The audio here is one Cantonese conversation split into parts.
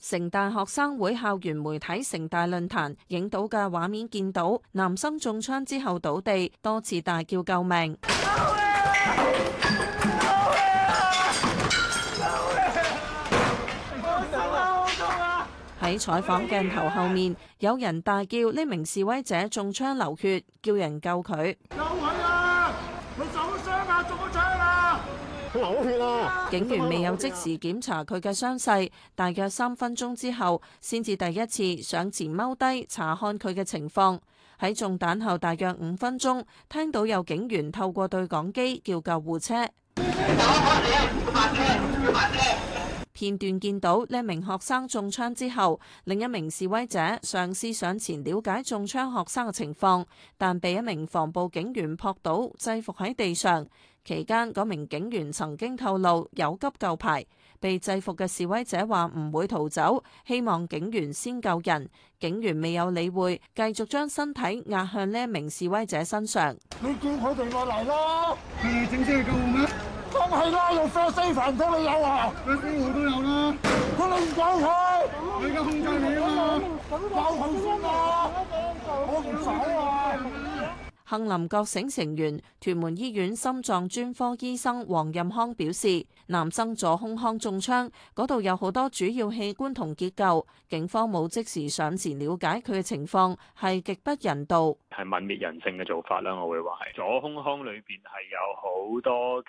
城大學生會校園媒體城大論壇影到嘅畫面，見到男生中槍之後倒地，多次大叫救命。喺採訪鏡頭後面，啊、有人大叫呢名示威者中槍流血，叫人救佢。救流血啦！警員未有即時檢查佢嘅傷勢，大約三分鐘之後，先至第一次上前踎低查看佢嘅情況。喺中彈後大約五分鐘，聽到有警員透過對講機叫救護車。啊啊啊啊、片段見到呢名學生中槍之後，另一名示威者嘗試上前了解中槍學生嘅情況，但被一名防暴警員撲倒，制服喺地上。期間，嗰名警員曾經透露有急救牌。被制服嘅示威者話唔會逃走，希望警員先救人。警員未有理會，繼續將身體壓向呢一名示威者身上。你叫佢對我留咯，係正式嚟做咩？都係啦，用防身防你有效，你邊個都有啦。我唔講佢，我依家控制你啊嘛，爆號先啦，我唔走啊！杏林覺醒成員屯門醫院心臟專科醫生黃任康表示，男生左胸腔中槍，嗰度有好多主要器官同結構，警方冇即時上前了解佢嘅情況，係極不人道，係泯滅人性嘅做法啦。我會話係左胸腔裏邊係有好多嘅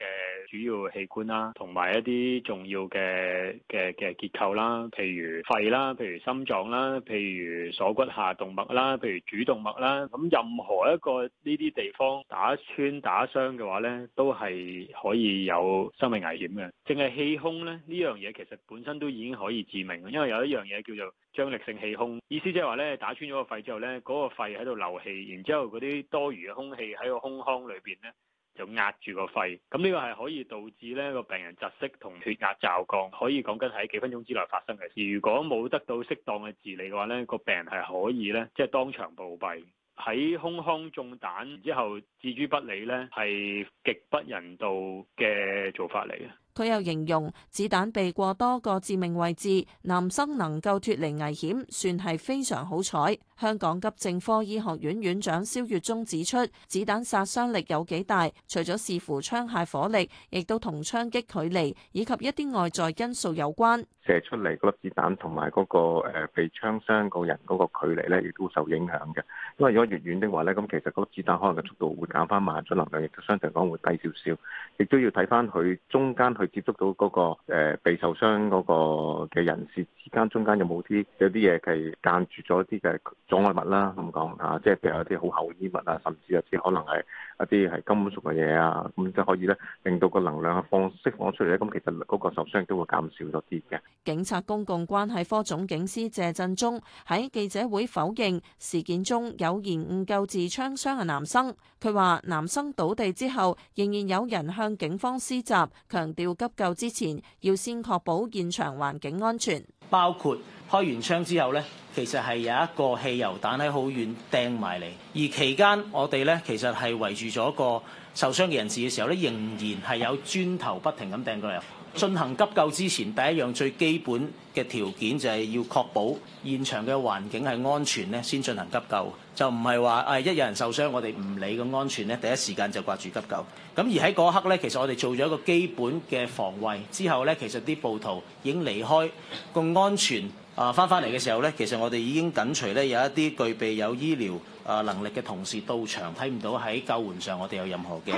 主要器官啦，同埋一啲重要嘅嘅嘅結構啦，譬如肺啦，譬如心臟啦，譬如鎖骨下動脈啦，譬如主動脈啦，咁任何一個。呢啲地方打穿打傷嘅話咧，都係可以有生命危險嘅。淨係氣胸咧，呢樣嘢其實本身都已經可以致命，因為有一樣嘢叫做張力性氣胸。意思即係話咧，打穿咗個肺之後咧，嗰個肺喺度漏氣，然之後嗰啲多餘嘅空氣喺個胸腔裏邊咧，就壓住個肺。咁呢個係可以導致咧個病人窒息同血壓驟降，可以講緊喺幾分鐘之內發生嘅。如果冇得到適當嘅治理嘅話咧，個病人係可以咧，即係當場暴斃。喺胸腔中彈之後置諸不理呢，係極不人道嘅做法嚟嘅。佢又形容子彈避過多個致命位置，男生能夠脱離危險，算係非常好彩。香港急症科醫學院院長蕭月忠指出，子彈殺傷力有幾大，除咗視乎槍械火力，亦都同槍擊距離以及一啲外在因素有關。射出嚟嗰粒子彈同埋嗰個誒被槍傷個人嗰個距離咧，亦都受影響嘅。因為如果越遠的話咧，咁其實嗰粒子彈可能嘅速度會減翻慢咗，能量亦都相對講會低少少，亦都要睇翻佢中間。去接觸到嗰個被受傷嗰個嘅人士之間，中間有冇啲有啲嘢係間住咗啲嘅阻礙物啦，咁講嚇，即係譬如有啲好厚衣物啊，甚至有啲可能係一啲係金屬嘅嘢啊，咁就可以咧令到個能量放釋放出嚟咧，咁其實嗰個受傷都會減少咗啲嘅。警察公共關係科總警司謝振中喺記者會否認事件中有延誤救治槍傷嘅男生，佢話男生倒地之後仍然有人向警方施襲，強調。急救之前，要先確保現場環境安全，包括開完槍之後呢，其實係有一個汽油彈喺好遠掟埋嚟，而期間我哋呢其實係圍住咗個受傷嘅人士嘅時候呢，仍然係有磚頭不停咁掟過嚟。進行急救之前，第一樣最基本嘅條件就係要確保現場嘅環境係安全咧，先進行急救，就唔係話誒一有人受傷，我哋唔理咁安全咧，第一時間就掛住急救。咁而喺嗰一刻咧，其實我哋做咗一個基本嘅防衞之後咧，其實啲暴徒已經離開咁安全啊，翻翻嚟嘅時候咧，其實我哋已經緊隨咧有一啲具備有醫療啊能力嘅同事到場，睇唔到喺救援上我哋有任何嘅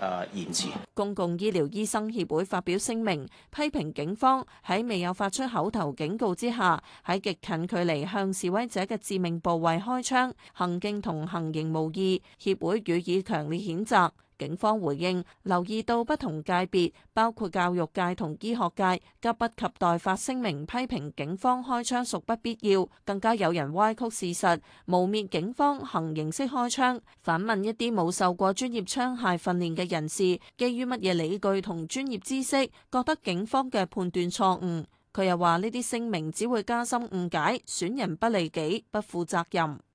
啊延遲。公共醫療醫生協會發表聲明，批評警方喺未有發出口頭警告之下，喺極近距離向示威者嘅致命部位開槍，行徑同行刑無異，協會予以強烈譴責。警方回應，留意到不同界別，包括教育界同醫學界，急不及待發聲明批評警方開槍屬不必要，更加有人歪曲事實，誣衊警方行刑式開槍，反問一啲冇受過專業槍械訓練嘅人士，基於乜嘢理據同專業知識，覺得警方嘅判斷錯誤？佢又話呢啲聲明只會加深誤解，損人不利己，不負責任。